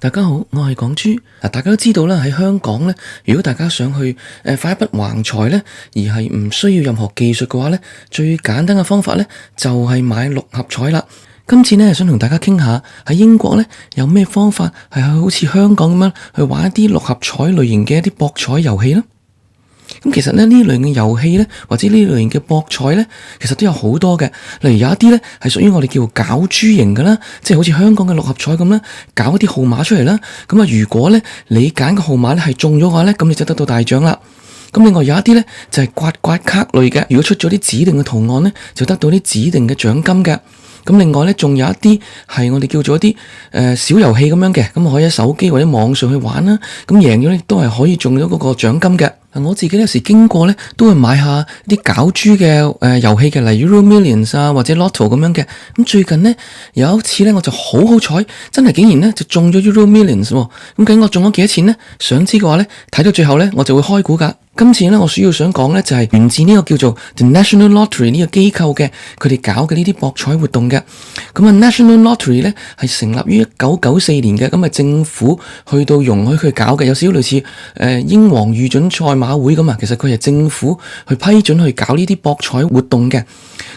大家好，我係港珠，大家都知道啦，喺香港呢，如果大家想去誒發一筆橫財咧，而係唔需要任何技術嘅話呢，最簡單嘅方法呢，就係買六合彩啦。今次呢，想同大家傾下喺英國呢，有咩方法係好似香港咁樣去玩一啲六合彩類型嘅一啲博彩遊戲啦。咁其實呢類型嘅遊戲呢，或者呢類型嘅博彩呢，其實都有好多嘅。例如有一啲呢，係屬於我哋叫攪珠型嘅啦，即係好似香港嘅六合彩咁啦，攪一啲號碼出嚟啦。咁啊，如果呢，你揀嘅號碼咧係中咗嘅話咧，咁你就得到大獎啦。咁另外有一啲呢，就係、是、刮刮卡類嘅，如果出咗啲指定嘅圖案呢，就得到啲指定嘅獎金嘅。咁另外呢，仲有一啲係我哋叫做一啲誒、呃、小遊戲咁樣嘅，咁可以喺手機或者網上去玩啦。咁贏咗咧都係可以中咗嗰個獎金嘅。我自己有時經過咧，都會買下啲攪珠嘅誒遊戲嘅，例如 Euro Millions 啊，或者 Lotto 咁樣嘅。咁最近咧，有一次咧，我就好好彩，真係竟然咧就中咗 Euro Millions 喎、啊。咁究竟我中咗幾多錢咧？想知嘅話咧，睇到最後咧，我就會開估㗎。今次咧，我主要想講咧就係源自呢個叫做 The National Lottery 呢個機構嘅，佢哋搞嘅呢啲博彩活動嘅。咁啊，National Lottery 咧係成立於一九九四年嘅，咁啊政府去到容許佢搞嘅，有少少類似誒英皇御准賽馬會咁啊，其實佢係政府去批准去搞呢啲博彩活動嘅。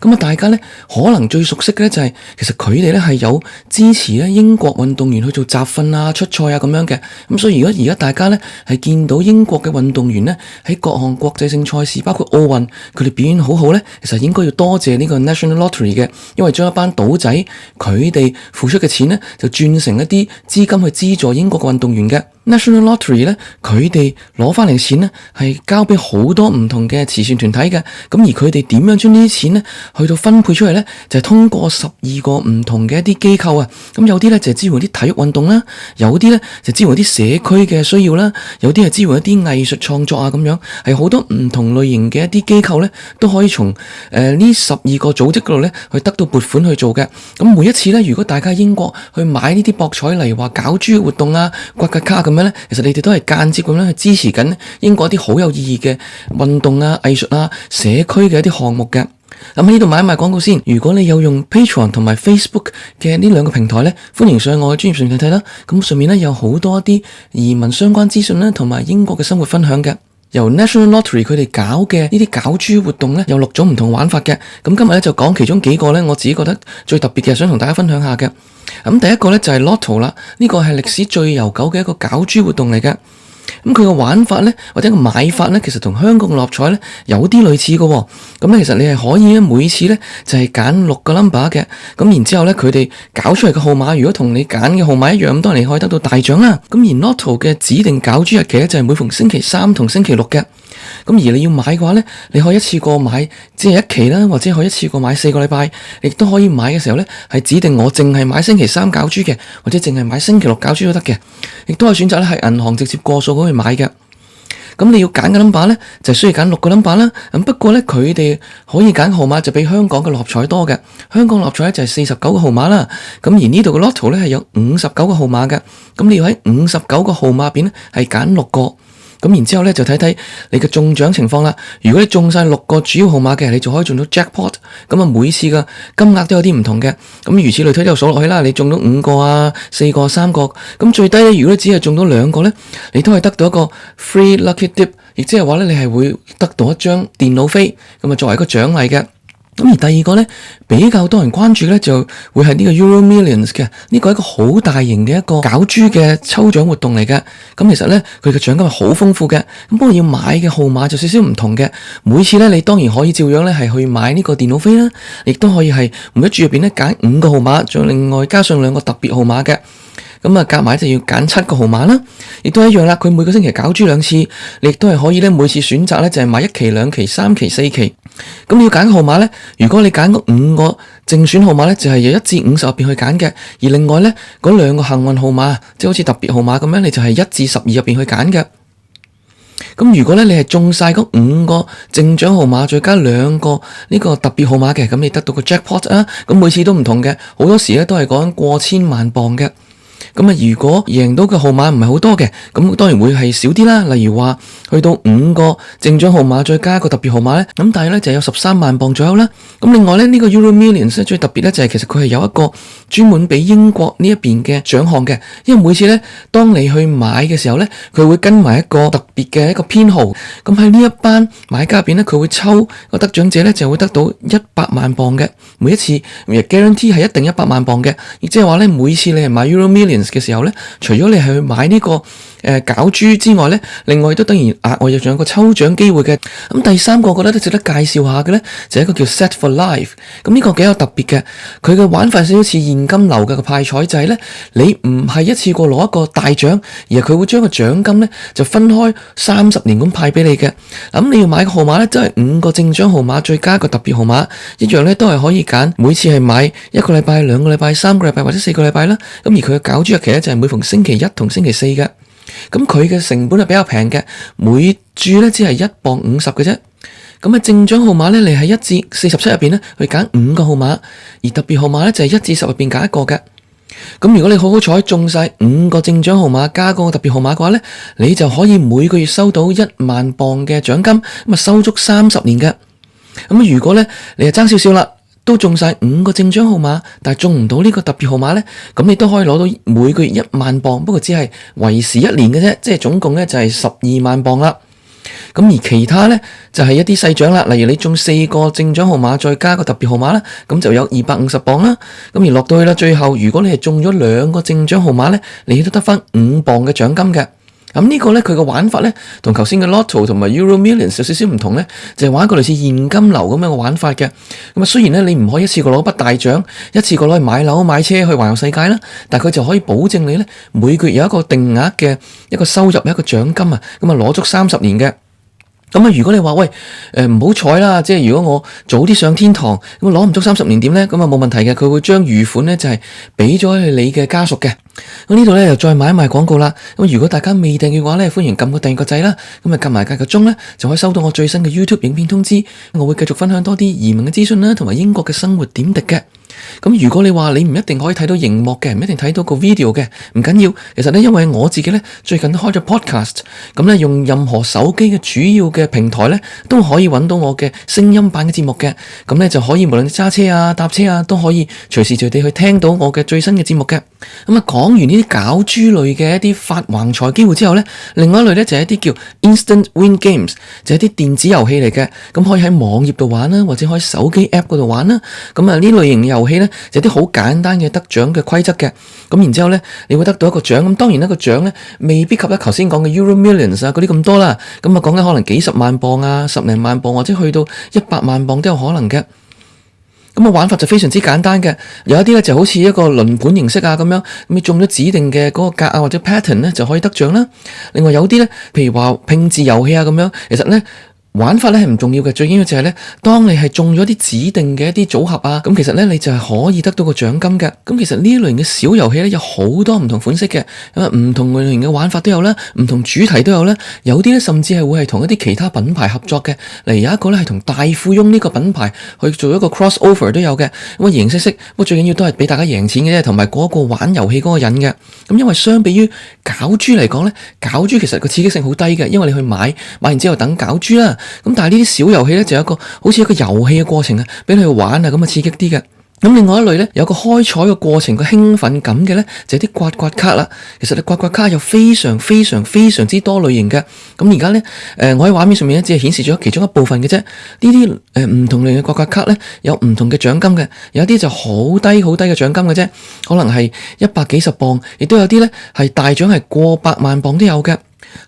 咁啊，大家咧可能最熟悉嘅咧就係、是，其實佢哋咧係有支持咧英國運動員去做集訓啊、出賽啊咁樣嘅。咁所以如果而家大家咧係見到英國嘅運動員咧喺各項國際性賽事，包括奧運，佢哋表現好好咧，其實應該要多謝呢個 National Lottery 嘅，因為將一班賭仔。佢哋付出嘅錢呢，就轉成一啲資金去資助英國嘅運動員嘅。National Lottery 呢，佢哋攞翻嚟嘅錢呢，係交俾好多唔同嘅慈善團體嘅。咁而佢哋點樣將呢啲錢呢，去到分配出嚟呢？就係通過十二個唔同嘅一啲機構啊。咁有啲呢，就係支援啲體育運動啦，有啲呢，就支援啲社區嘅需要啦，有啲係支援一啲藝術創作啊咁樣，係好多唔同類型嘅一啲機構呢，都可以從誒呢十二個組織嗰度呢，去得到撥款去做嘅。每一次咧，如果大家在英國去買呢啲博彩，例如話攪珠活動啊、刮刮卡咁樣呢，其實你哋都係間接咁樣去支持緊英國啲好有意義嘅運動啊、藝術啊、社區嘅一啲項目嘅。咁喺呢度買一買廣告先。如果你有用 Patreon 同埋 Facebook 嘅呢兩個平台呢，歡迎上我嘅專業上面睇睇啦。咁上面呢，有好多一啲移民相關資訊咧，同埋英國嘅生活分享嘅。由 National Lottery 佢哋搞嘅呢啲攪珠活動咧，有六種唔同玩法嘅。咁今日咧就講其中幾個咧，我自己覺得最特別嘅，想同大家分享下嘅。咁第一個咧就係 Lotto 啦，呢個係歷史最悠久嘅一個攪珠活動嚟嘅。咁佢個玩法呢，或者個買法呢，其實同香港樂彩呢有啲類似嘅。咁咧，其實你係可以每次呢就係揀六個 number 嘅。咁然之後咧，佢哋搞出嚟嘅號碼，如果同你揀嘅號碼一樣，咁當然你可以得到大獎啦。咁而 Lotto 嘅指定攪珠日期咧，就係每逢星期三同星期六嘅。咁而你要買嘅話呢，你可以一次過買，即係一期啦，或者可以一次過買四個禮拜，亦都可以買嘅時候呢，係指定我淨係買星期三攪珠嘅，或者淨係買星期六攪珠都得嘅，亦都可以選擇呢係銀行直接過數嗰邊買嘅。咁你要揀嘅 number 呢，就需要揀六個 number 啦。咁不過呢，佢哋可以揀號碼就比香港嘅六合彩多嘅。香港六合彩就係四十九個號碼啦。咁而呢度嘅 Lotto 呢係有五十九個號碼嘅。咁你要喺五十九個號碼邊呢係揀六個。咁然之後咧，就睇睇你嘅中獎情況啦。如果你中曬六個主要號碼嘅，你就可以中到 jackpot。咁每次嘅金額都有啲唔同嘅。咁如此類推就數落去啦。你中到五個啊、四個、三個，咁最低，如果你只係中到兩個咧，你都可以得到一個 free lucky dip，亦即係話咧，你係會得到一張電腦飛，咁作為一個獎勵嘅。咁而第二個呢，比較多人關注呢、e，就會係呢個 EuroMillions 嘅係呢個一個好大型嘅一個攪珠嘅抽獎活動嚟嘅。咁其實呢，佢嘅獎金係好豐富嘅。咁不過要買嘅號碼就少少唔同嘅。每次呢，你當然可以照樣呢係去買呢個電腦飛啦，亦都可以係每一注入邊呢揀五個號碼，仲另外加上兩個特別號碼嘅。咁啊夾埋就要揀七個號碼啦。亦都一樣啦。佢每個星期攪珠兩次，你亦都係可以呢，每次選擇呢就係買一期、兩期、三期、四期。咁你要揀號碼呢，如果你揀個五個正選號碼呢，就係由一至五十入邊去揀嘅；而另外呢，嗰兩個幸運號碼，即係好似特別號碼咁樣，你就係一至十二入邊去揀嘅。咁如果咧你係中晒嗰五個正獎號碼，再加兩個呢個特別號碼嘅，咁你得到個 jackpot 啊！咁每次都唔同嘅，好多時咧都係講過千萬磅嘅。咁啊，如果贏到嘅號碼唔係好多嘅，咁當然會係少啲啦。例如話去到五個正獎號碼，再加一個特別號碼咧，咁大約咧就有十三萬磅左右啦。咁另外咧呢、這個 Euro Millions 咧最特別咧就係、是、其實佢係有一個。專門俾英國呢一邊嘅獎項嘅，因為每次呢，當你去買嘅時候呢，佢會跟埋一個特別嘅一個編號。咁喺呢一班買家入邊呢，佢會抽個得獎者呢，就會得到一百萬鎊嘅每一次，亦係 guarantee 係一定一百萬鎊嘅。亦即係話呢，每次你係買 Euro Millions 嘅時候呢，除咗你係去買呢個。誒攪珠之外咧，另外都當然額外有仲有個抽獎機會嘅。咁第三個我覺得都值得介紹下嘅咧，就係一個叫 Set for Life。咁呢個幾有特別嘅，佢嘅玩法少少似現金流嘅派彩制咧。就係、你唔係一次過攞一個大獎，而係佢會將個獎金咧就分開三十年咁派俾你嘅。咁你要買個號碼咧，都係五個正獎號碼，再加一個特別號碼，一樣咧都係可以揀。每次係買一個禮拜、兩個禮拜、三個禮拜或者四個禮拜啦。咁而佢嘅攪珠日期咧就係每逢星期一同星期四嘅。咁佢嘅成本係比較平嘅，每注咧只係一磅五十嘅啫。咁啊，正獎號碼咧，你係一至四十七入邊咧去揀五個號碼，而特別號碼咧就係一至十入邊揀一個嘅。咁如果你好好彩中晒五個正獎號碼加個特別號碼嘅話咧，你就可以每個月收到一萬磅嘅獎金，咁啊收足三十年嘅。咁如果咧你就爭少少啦。都中晒五個正獎號碼，但係中唔到呢個特別號碼呢，咁你都可以攞到每個月一萬鎊，不過只係維持一年嘅啫，即係總共呢就係十二萬鎊啦。咁而其他呢，就係、是、一啲細獎啦，例如你中四個正獎號碼再加個特別號碼呢，咁就有二百五十鎊啦。咁而落到去啦，最後如果你係中咗兩個正獎號碼呢，你都得返五鎊嘅獎金嘅。咁呢個咧，佢個玩法咧，e、同頭先嘅 Lotto 同埋 Euro Millions 有少少唔同咧，就係玩一個類似現金流咁樣嘅玩法嘅。咁啊，雖然咧你唔可以一次過攞筆大獎，一次過攞去買樓、買車、去環遊世界啦，但係佢就可以保證你咧每個月有一個定額嘅一個收入、一個獎金啊，咁啊攞足三十年嘅。咁如果你話喂，唔好彩啦，即係如果我早啲上天堂，咁攞唔足三十年點咧？咁啊冇問題嘅，佢會將餘款咧就係俾咗你嘅家屬嘅。我呢度咧又再買一賣廣告啦。咁如果大家未訂嘅話咧，歡迎撳個訂閱個掣啦。咁啊撳埋計個鐘咧，就可以收到我最新嘅 YouTube 影片通知。我會繼續分享多啲移民嘅資訊啦，同埋英國嘅生活點滴嘅。咁如果你話你唔一定可以睇到熒幕嘅，唔一定睇到個 video 嘅，唔緊要。其實呢，因為我自己呢，最近開咗 podcast，咁呢，用任何手機嘅主要嘅平台呢，都可以揾到我嘅聲音版嘅節目嘅。咁呢，就可以無論揸車啊、搭車啊都可以隨時隨地去聽到我嘅最新嘅節目嘅。咁啊，講完呢啲搞珠類嘅一啲發橫財機會之後呢，另外一類呢，就係一啲叫 instant win games，就係一啲電子遊戲嚟嘅。咁可以喺網頁度玩啦，或者可以喺手機 app 度玩啦。咁啊，呢類型遊就有啲好簡單嘅得獎嘅規則嘅，咁然之後呢，你會得到一個獎，咁當然呢個獎呢，未必及得頭先講嘅 Euro Millions 啊嗰啲咁多啦，咁啊講緊可能幾十萬磅啊，十零萬磅或者去到一百萬磅都有可能嘅，咁啊玩法就非常之簡單嘅，有一啲呢，就好似一個輪盤形式啊咁樣，你中咗指定嘅嗰個格、格啊或者 pattern 呢，就可以得獎啦，另外有啲呢，譬如話拼字遊戲啊咁樣其實呢。玩法咧係唔重要嘅，最緊要就係咧，當你係中咗啲指定嘅一啲組合啊，咁其實咧你就係可以得到個獎金嘅。咁其實呢一類型嘅小遊戲咧有好多唔同款式嘅，咁啊唔同類型嘅玩法都有啦，唔同主題都有啦，有啲咧甚至係會係同一啲其他品牌合作嘅。例如有一個咧係同大富翁呢個品牌去做一個 cross over 都有嘅。咁啊形式式，咁啊最緊要都係俾大家贏錢嘅啫，同埋嗰個玩遊戲嗰個人嘅。咁因為相比於攪珠嚟講咧，攪珠其實個刺激性好低嘅，因為你去買買完之後等攪珠啦。但係呢啲小遊戲咧就有一個好似一個遊戲嘅過程啊，俾你去玩啊，咁啊刺激啲嘅。咁另外一類咧有個開彩嘅過程個興奮感嘅咧就係、是、啲刮刮卡啦。其實啲刮刮卡有非常非常非常之多類型嘅。咁而家咧，誒、呃、我喺畫面上面咧只係顯示咗其中一部分嘅啫。呢啲誒唔同類型嘅刮刮卡咧有唔同嘅獎金嘅，有啲就好低好低嘅獎金嘅啫，可能係一百幾十磅，亦都有啲咧係大獎係過百萬磅都有嘅。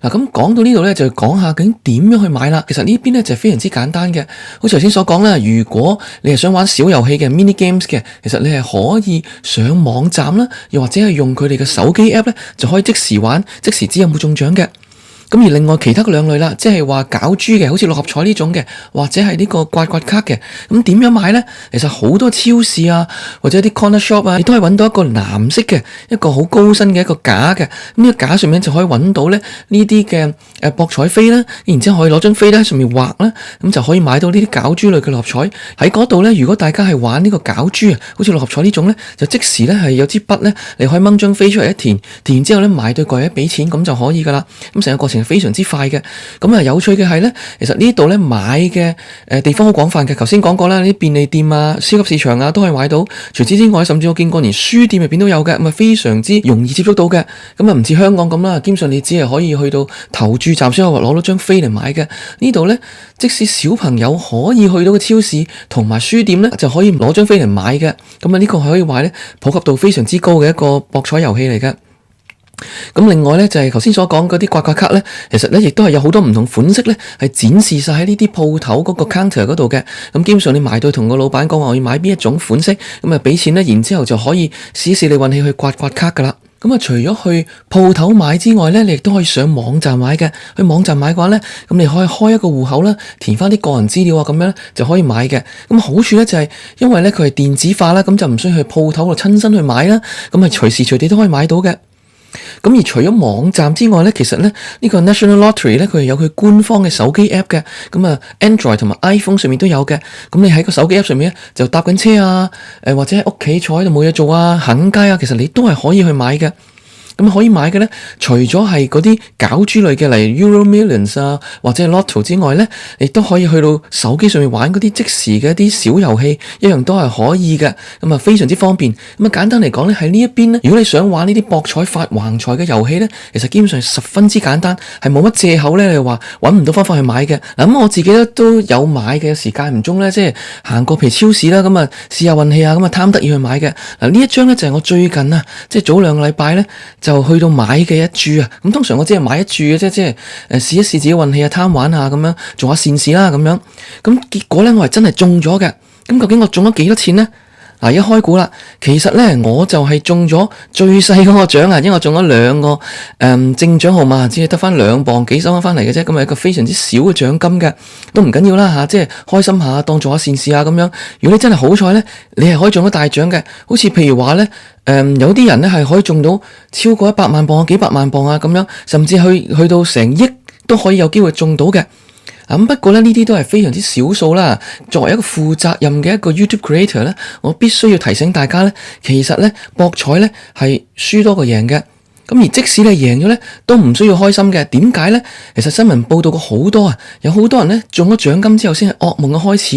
嗱，咁講到呢度咧，就要講下究竟點樣去買啦。其實呢邊咧就非常之簡單嘅，好似頭先所講啦。如果你係想玩小遊戲嘅 mini games 嘅，其實你係可以上網站啦，又或者係用佢哋嘅手機 app 咧，就可以即時玩，即時知有冇中獎嘅。咁而另外其他嘅兩類啦，即係話攪珠嘅，好似六合彩呢種嘅，或者係呢個刮刮卡嘅，咁點樣買呢？其實好多超市啊，或者啲 corner shop 啊，亦都係揾到一個藍色嘅一個好高身嘅一個架嘅，咁呢個架上面就可以揾到咧呢啲嘅誒博彩飛啦，然之後可以攞張飛咧喺上面畫啦，咁就可以買到呢啲攪珠類嘅六合彩。喺嗰度呢，如果大家係玩呢個攪珠啊，好似六合彩呢種呢，就即時呢係有支筆呢，你可以掹張飛出嚟一填，填完之後呢，買對櫃一俾錢咁就可以噶啦。咁成個過程。非常之快嘅，咁啊有趣嘅係咧，其實呢度咧買嘅誒地方好廣泛嘅。頭先講過啦，啲便利店啊、超級市場啊都可以買到。除此之外，甚至我見過連書店入邊都有嘅，咁啊非常之容易接觸到嘅。咁啊唔似香港咁啦，基本上你只係可以去到投注站先可以攞到張飛嚟買嘅。呢度咧，即使小朋友可以去到嘅超市同埋書店咧，就可以攞張飛嚟買嘅。咁啊呢個係可以話咧，普及度非常之高嘅一個博彩遊戲嚟嘅。咁另外呢，就係頭先所講嗰啲刮刮卡呢，其實呢亦都係有好多唔同款式呢，係展示晒喺呢啲鋪頭嗰個 counter 嗰度嘅。咁基本上你買到，同個老闆講話，我要買邊一種款式，咁啊俾錢呢，然之後就可以試一試你運氣去刮刮卡噶啦。咁啊，除咗去鋪頭買之外呢，你亦都可以上網站買嘅。去網站買嘅話呢，咁你可以開一個戶口啦，填翻啲個人資料啊，咁樣就可以買嘅。咁好處呢、就是，就係因為呢，佢係電子化啦，咁就唔需要去鋪頭度親身去買啦，咁啊隨時隨地都可以買到嘅。咁而除咗網站之外咧，其實咧呢、這個 National Lottery 咧，佢係有佢官方嘅手機 app 嘅，咁、嗯、啊 Android 同埋 iPhone 上面都有嘅。咁、嗯、你喺個手機 app 上面咧，就搭緊車啊，誒、呃、或者喺屋企坐喺度冇嘢做啊，行街啊，其實你都係可以去買嘅。咁可以買嘅呢，除咗係嗰啲攪珠類嘅，例如 Euro Millions 啊，或者係 Lotto 之外呢，亦都可以去到手機上面玩嗰啲即時嘅一啲小遊戲，一樣都係可以嘅。咁啊，非常之方便。咁啊，簡單嚟講呢，喺呢一邊呢，如果你想玩呢啲博彩發橫財嘅遊戲呢，其實基本上十分之簡單，係冇乜藉口呢。你話揾唔到方法去買嘅。嗱，咁我自己咧都有買嘅，時間唔中呢，即係行過譬如超市啦，咁啊試下運氣啊，咁啊貪得意去買嘅。嗱，呢一張呢，就係、是、我最近啊，即係早兩個禮拜呢。就去到買嘅一注啊，咁通常我只係買一注嘅啫，即係試一試自己運氣啊，貪玩啊咁樣做下善事啦咁樣，咁結果咧我係真係中咗嘅，咁究竟我中咗幾多錢呢？一開估啦，其實咧我就係中咗最細嗰個獎啊，因為我中咗兩個誒、嗯、正獎號碼，只係得翻兩磅幾十蚊翻嚟嘅啫，咁啊一個非常之少嘅獎金嘅，都唔緊要啦吓、啊，即係開心下，當做下善事啊咁樣。如果你真係好彩呢，你係可以中到大獎嘅，好似譬如話呢，誒、嗯、有啲人呢係可以中到超過一百萬磅啊、幾百萬磅啊咁樣，甚至去，去到成億都可以有機會中到嘅。不過呢啲都係非常之少數啦。作為一個負責任嘅一個 YouTube creator 咧，我必須要提醒大家咧，其實咧博彩咧係輸多過贏嘅。咁而即使你贏咗咧，都唔需要開心嘅。點解呢？其實新聞報道過好多啊，有好多人咧中咗獎金之後先係噩夢嘅開始。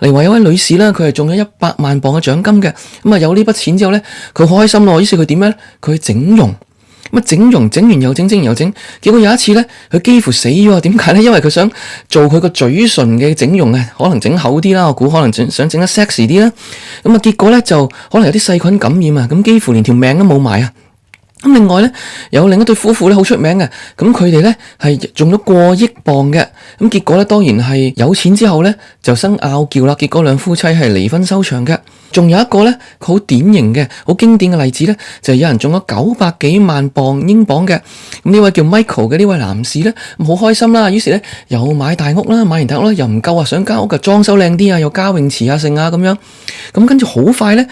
例如話有位女士啦，佢係中咗一百萬磅嘅獎金嘅，咁啊有呢筆錢之後呢，佢開心咯。於是佢點樣呢？佢整容。整容整完又整，整完又整，結果有一次呢，佢幾乎死咗。點解呢？因為佢想做佢個嘴脣嘅整容啊，可能整厚啲啦，我估可能整想整得 sexy 啲啦。咁啊，結果呢，就可能有啲細菌感染啊，咁幾乎連條命都冇埋啊！咁另外咧，有另一對夫婦咧，好出名嘅。咁佢哋咧係中咗過億磅嘅。咁結果咧，當然係有錢之後咧就生拗撬啦。結果兩夫妻係離婚收場嘅。仲有一個咧，好典型嘅、好經典嘅例子咧，就係、是、有人中咗九百幾萬磅英鎊嘅。咁呢位叫 Michael 嘅呢位男士咧，好開心啦。於是咧又買大屋啦，買完大屋咧又唔夠啊，想間屋嘅裝修靚啲啊，又加泳池啊，剩啊咁樣。咁跟住好快咧。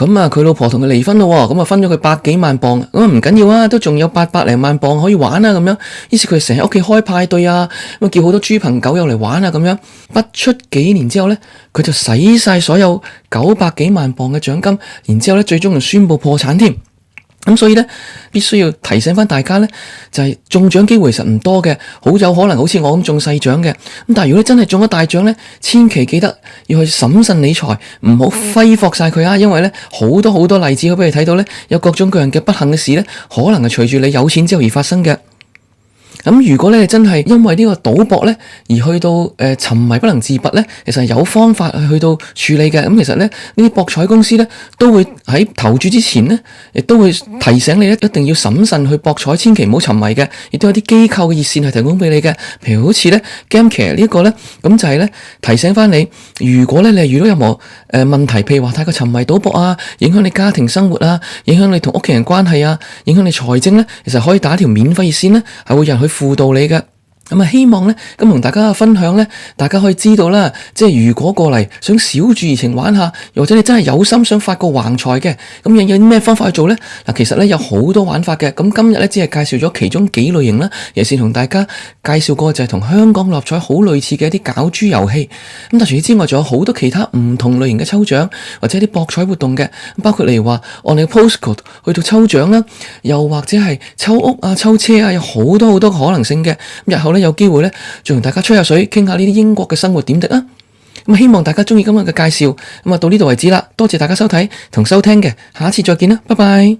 咁啊，佢老婆同佢離婚咯，哦，咁啊分咗佢百幾萬磅，咁唔緊要啊，都仲有八百零萬磅可以玩啊，咁樣，於是佢成日屋企開派對啊，叫好多豬朋狗友嚟玩啊，咁樣，不出幾年之後咧，佢就使晒所有九百幾萬磅嘅獎金，然之後呢最終仲宣佈破產添。咁所以呢，必須要提醒翻大家呢，就係中獎機會實唔多嘅，好有可能好似我咁中細獎嘅。咁但係如果你真係中咗大獎呢，千祈記得要去審慎理財，唔好揮霍晒佢啊！因為呢，好多好多例子可以俾你睇到呢，有各種各樣嘅不幸嘅事呢，可能係隨住你有錢之後而發生嘅。咁如果咧真係因為呢個賭博咧而去到誒沉迷不能自拔咧，其實係有方法去到處理嘅。咁其實咧呢啲博彩公司咧都會喺投注之前咧亦都會提醒你咧一定要審慎去博彩，千祈唔好沉迷嘅。亦都有啲機構嘅熱線係提供俾你嘅，譬如好似咧 GamCare 呢一個咧，咁就係咧提醒翻你，如果咧你係遇到任何誒問題，譬如話太過沉迷賭博啊，影響你家庭生活啊，影響你同屋企人關係啊，影響你財政咧，其實可以打條免費熱線咧，係會有人去輔導你嘅。咁啊，希望咧，咁同大家嘅分享咧，大家可以知道啦，即係如果過嚟，想小注怡情玩下，又或者你真係有心想發個橫財嘅，咁又有啲咩方法去做咧？嗱，其實咧有好多玩法嘅，咁今日咧只係介紹咗其中幾類型啦，尤其是同大家介紹過就係同香港六合彩好類似嘅一啲攪珠遊戲，咁但係除此之外，仲有好多其他唔同類型嘅抽獎或者一啲博彩活動嘅，包括例如話按你嘅 Postcode 去到抽獎啦，又或者係抽屋啊、抽車啊，有好多好多可能性嘅，咁日後咧。有機會咧，再同大家吹下水，傾下呢啲英國嘅生活點滴啊！咁希望大家鍾意今日嘅介紹。咁啊，到呢度為止啦，多謝大家收睇同收聽嘅，下次再見啦，拜拜。